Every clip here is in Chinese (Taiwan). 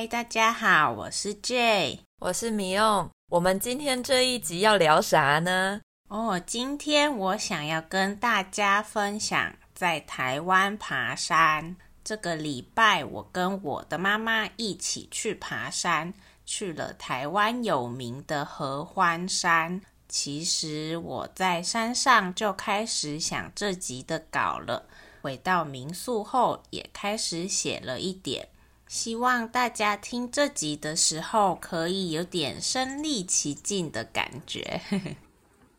嗨，大家好，我是 Jay。我是 Miu，我們今天這一集要聊啥呢？哦，今天我想要跟大家分享在台灣爬山。這個禮拜我跟我的媽媽一起去爬山，去了台灣有名的合歡山。其實我在山上就開始想這集的稿了，回到民宿後也開始寫了一點。希望大家聽這集的時候，可以有點身歷其境的感覺。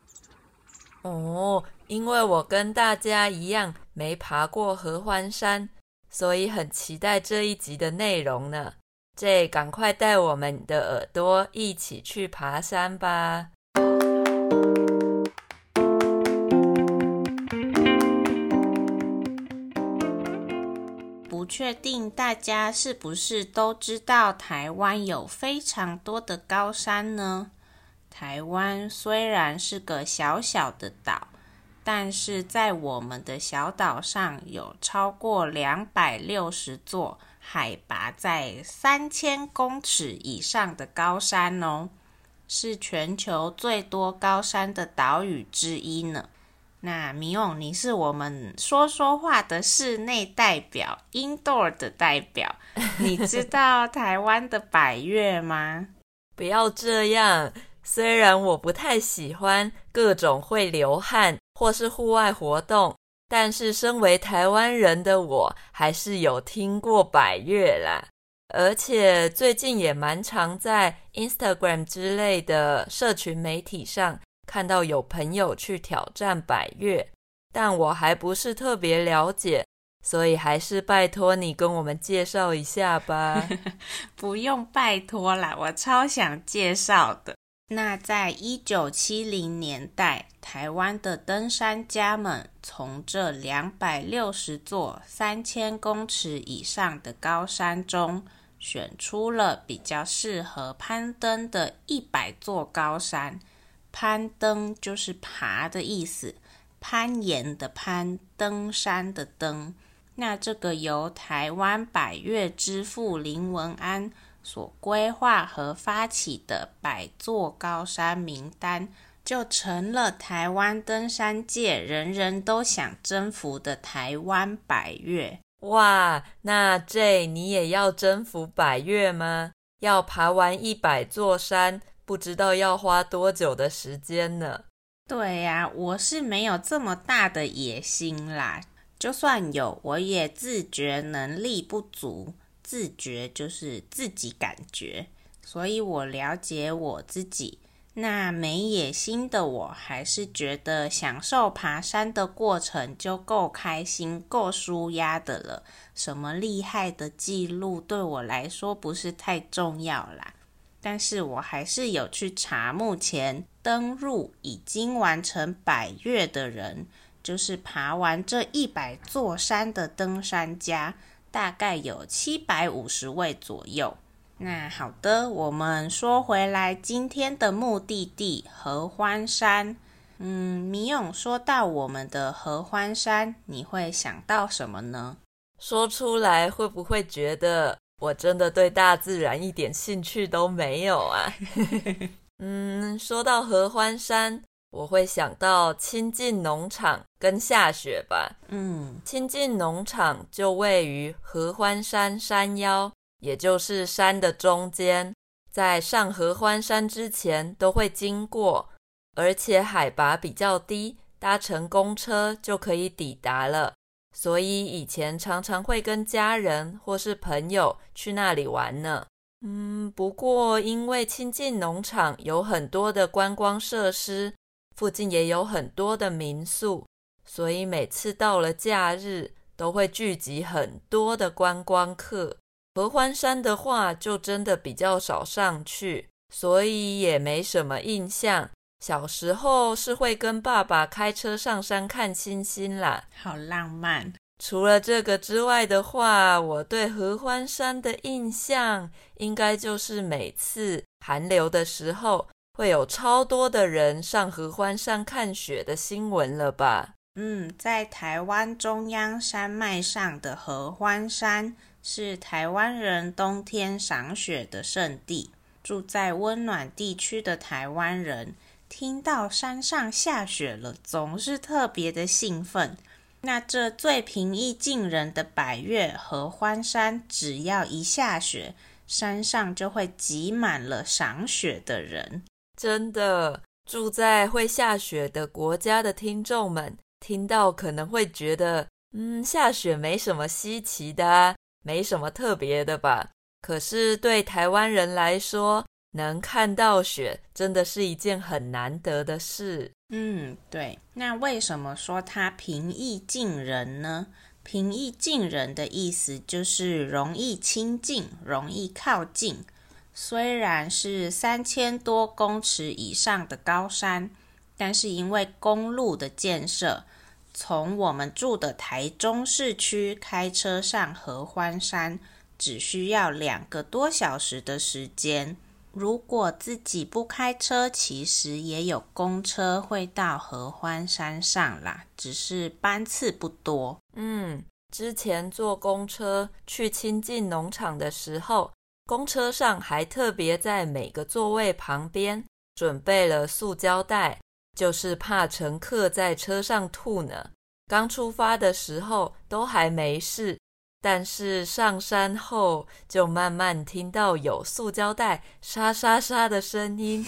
哦，因為我跟大家一樣沒爬過合歡山，所以很期待這一集的內容呢。這趕快帶我們的耳朵一起去爬山吧！確定大家是不是都知道台灣有非常多的高山呢？台灣雖然是個小小的島，但是在我們的小島上有超過兩百六十座海拔在三千公尺以上的高山哦，是全球最多高山的島嶼之一呢。那米翁，你是我們說說話的室內代表，indoor 的代表。你知道台灣的百岳嗎？ 不要這樣。雖然我不太喜歡各種會流汗或是戶外活動，但是身為台灣人的我，還是有聽過百岳啦。而且最近也蠻常在 Instagram 之類的社群媒體上。看到有朋友去挑戰百岳，但我還不是特別了解，所以還是拜托你跟我們介紹一下吧。 不用拜托啦，我超想介紹的。那在一九七零年代，台灣的登山家們從這兩百六十座三千公尺以上的高山中，選出了比較適合攀登的一百座高山。攀登就是爬的意思，攀岩的攀，登山的登。那這個由台灣百岳之父林文安所規劃和發起的百座高山名單，就成了台灣登山界人人都想征服的台灣百岳。哇，那這你也要征服百岳嗎？要爬完一百座山？不知道要花多久的時間呢？對呀、啊，我是沒有這麼大的野心啦。就算有，我也自覺能力不足。自覺就是自己感覺，所以我了解我自己。那沒野心的，我還是覺得享受爬山的過程就夠開心、夠舒壓的了。什麼厲害的記錄對我來說不是太重要啦。但是我還是有去查，目前登入已經完成百岳的人，就是爬完這一百座山的登山家，大概有七百五十位左右。那好的，我們說回來，今天的目的地合歡山。嗯，米勇說到我們的合歡山，你會想到什麼呢？說出來會不會覺得？我真的對大自然一點興趣都沒有啊。 嗯，說到合歡山，我會想到清境農場跟下雪吧。嗯，清境農場就位於合歡山山腰，也就是山的中間，在上合歡山之前都會經過，而且海拔比較低，搭乘公車就可以抵達了。所以以前常常會跟家人或是朋友去那裡玩呢。嗯，不過因為清境農場有很多的觀光設施，附近也有很多的民宿，所以每次到了假日都會聚集很多的觀光客。合歡山的話，就真的比較少上去，所以也沒什麼印象。小時候是會跟爸爸開車上山看星星啦，好浪漫。除了這個之外的話，我對合歡山的印象，應該就是每次寒流的時候，會有超多的人上合歡山看雪的新聞了吧？嗯，在台灣中央山脈上的合歡山，是台灣人冬天賞雪的聖地。住在溫暖地區的台灣人，聽到山上下雪了，總是特別的興奮。那這最平易近人的百岳合歡山，只要一下雪，山上就會擠滿了賞雪的人。真的，住在會下雪的國家的聽眾們，聽到可能會覺得，嗯，下雪沒什麼稀奇的啊，沒什麼特別的吧？可是對台灣人來說，能看到雪，真的是一件很難得的事。嗯，對。那為什麼說它平易近人呢？平易近人的意思就是容易親近，容易靠近。雖然是三千多公尺以上的高山，但是因為公路的建設，從我們住的台中市區開車上合歡山，只需要兩個多小時的時間。如果自己不開車，其實也有公車會到合歡山上啦，只是班次不多。嗯，之前坐公車去清境農場的時候，公車上還特別在每個座位旁邊準備了塑膠袋，就是怕乘客在車上吐呢。剛出發的時候都還沒事。但是上山後，就慢慢聽到有塑膠袋沙沙沙的聲音。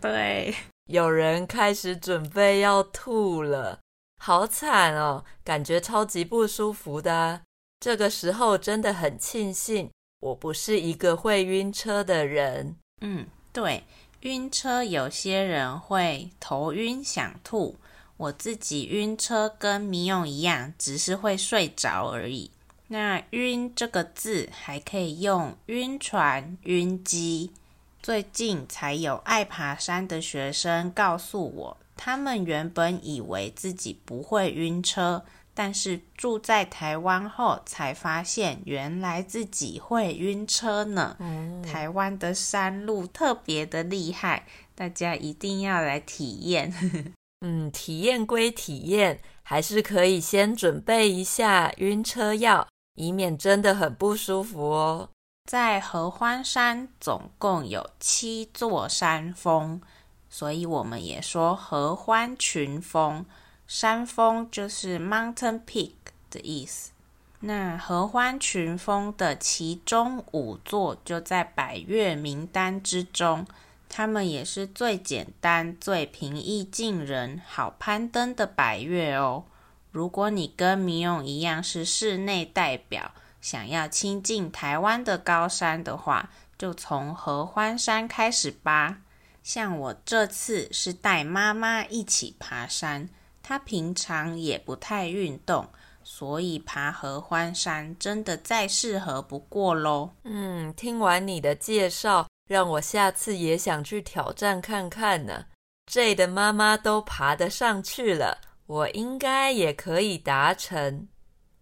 對，有人開始準備要吐了，好慘哦，感覺超級不舒服的，啊。這個時候真的很慶幸，我不是一個會暈車的人。嗯，對，暈車有些人會頭暈想吐，我自己暈車跟迷勇一樣，只是會睡着而已。那暈這個字還可以用暈船、暈機。最近才有愛爬山的學生告訴我，他們原本以為自己不會暈車，但是住在台灣後才發現，原來自己會暈車呢。嗯、台灣的山路特別的厲害，大家一定要來體驗。 嗯，體驗歸體驗，還是可以先準備一下暈車藥。以免真的很不舒服哦。在合歡山總共有七座山峰，所以我們也說合歡群峰。山峰就是 mountain peak 的意思。那合歡群峰的其中五座就在百岳名單之中，它們也是最簡單、最平易近人、好攀登的百岳哦。如果你跟米勇一樣是室內代表，想要親近台灣的高山的話，就從合歡山開始吧。像我這次是帶媽媽一起爬山，她平常也不太運動，所以爬合歡山真的再適合不過嘍。嗯，聽完你的介紹，讓我下次也想去挑戰看看呢。J 的媽媽都爬得上去了。我應該也可以達成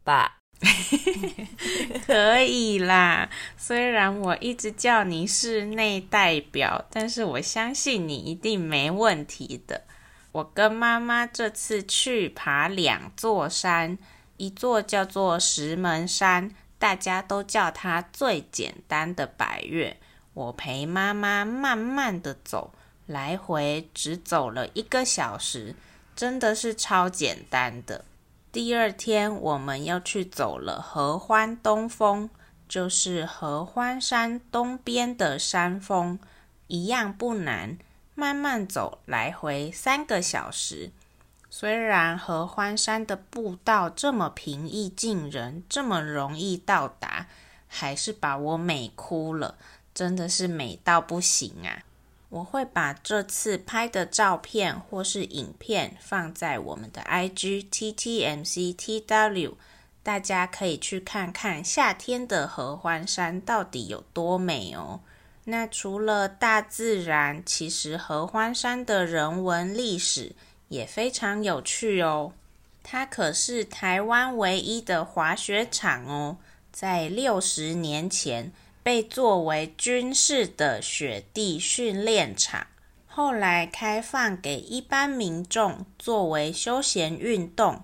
吧？ 可以啦！雖然我一直叫你室內代表，但是我相信你一定沒問題的。我跟媽媽這次去爬兩座山，一座叫做石門山，大家都叫它最簡單的百岳。我陪媽媽慢慢地走，來回只走了一個小時。真的是超簡單的。第二天我們要去走了合歡東峰，就是合歡山東邊的山峰，一樣不難。慢慢走，來回三個小時。雖然合歡山的步道這麼平易近人，這麼容易到達，還是把我美哭了，真的是美到不行啊！我會把這次拍的照片或是影片放在我們的 IG TTMCTW，大家可以去看看夏天的合歡山到底有多美哦。那除了大自然，其實合歡山的人文歷史也非常有趣哦。它可是台灣唯一的滑雪場哦，在六十年前。被作為軍事的雪地訓練場，後來開放給一般民眾作為休閒運動。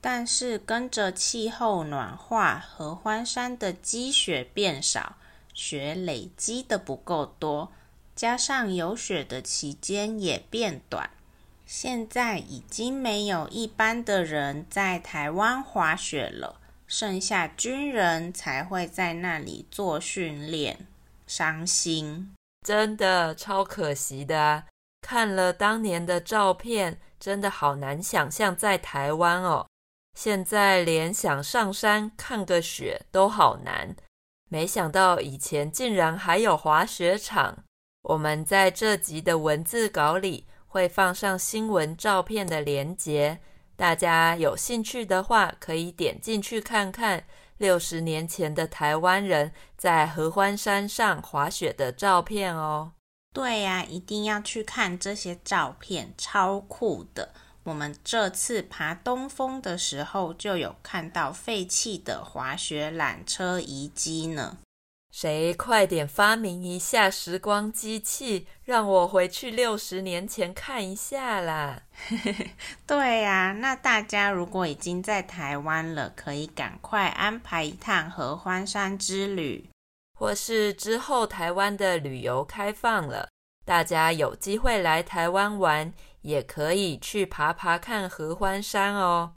但是，跟着氣候暖化，合歡山的積雪變少，雪累積的不夠多，加上有雪的期間也變短，現在已經沒有一般的人在台灣滑雪了。剩下軍人才會在那裡做訓練，傷心，真的超可惜的啊。看了當年的照片，真的好難想象在台灣哦。現在連想上山看個雪都好難。沒想到以前竟然還有滑雪場。我們在這集的文字稿裡會放上新聞照片的鏈接。大家有興趣的話，可以點進去看看六十年前的台灣人在合歡山上滑雪的照片哦。對呀、啊，一定要去看這些照片，超酷的！我們這次爬東峰的時候，就有看到廢棄的滑雪纜車遺跡呢。誰快點發明一下時光機器，讓我回去六十年前看一下啦！ 對啊，那大家如果已經在台灣了，可以趕快安排一趟合歡山之旅；或是之後台灣的旅遊開放了，大家有機會來台灣玩，也可以去爬爬看合歡山哦。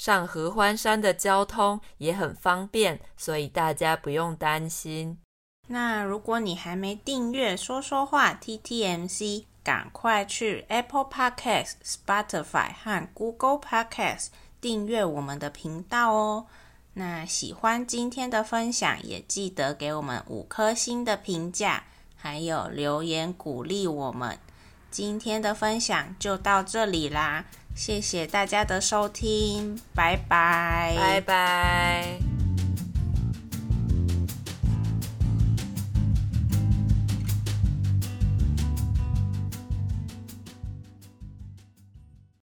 上合歡山的交通也很方便，所以大家不用擔心。那如果你還沒訂閱說說話 TTMC，趕快去 Apple Podcasts、Spotify 和 Google Podcasts 訂閱我們的頻道哦。那喜歡今天的分享，也記得給我們五顆星的評價，還有留言鼓勵我們。今天的分享就到這裡啦。謝謝大家的收聽，拜拜，拜拜。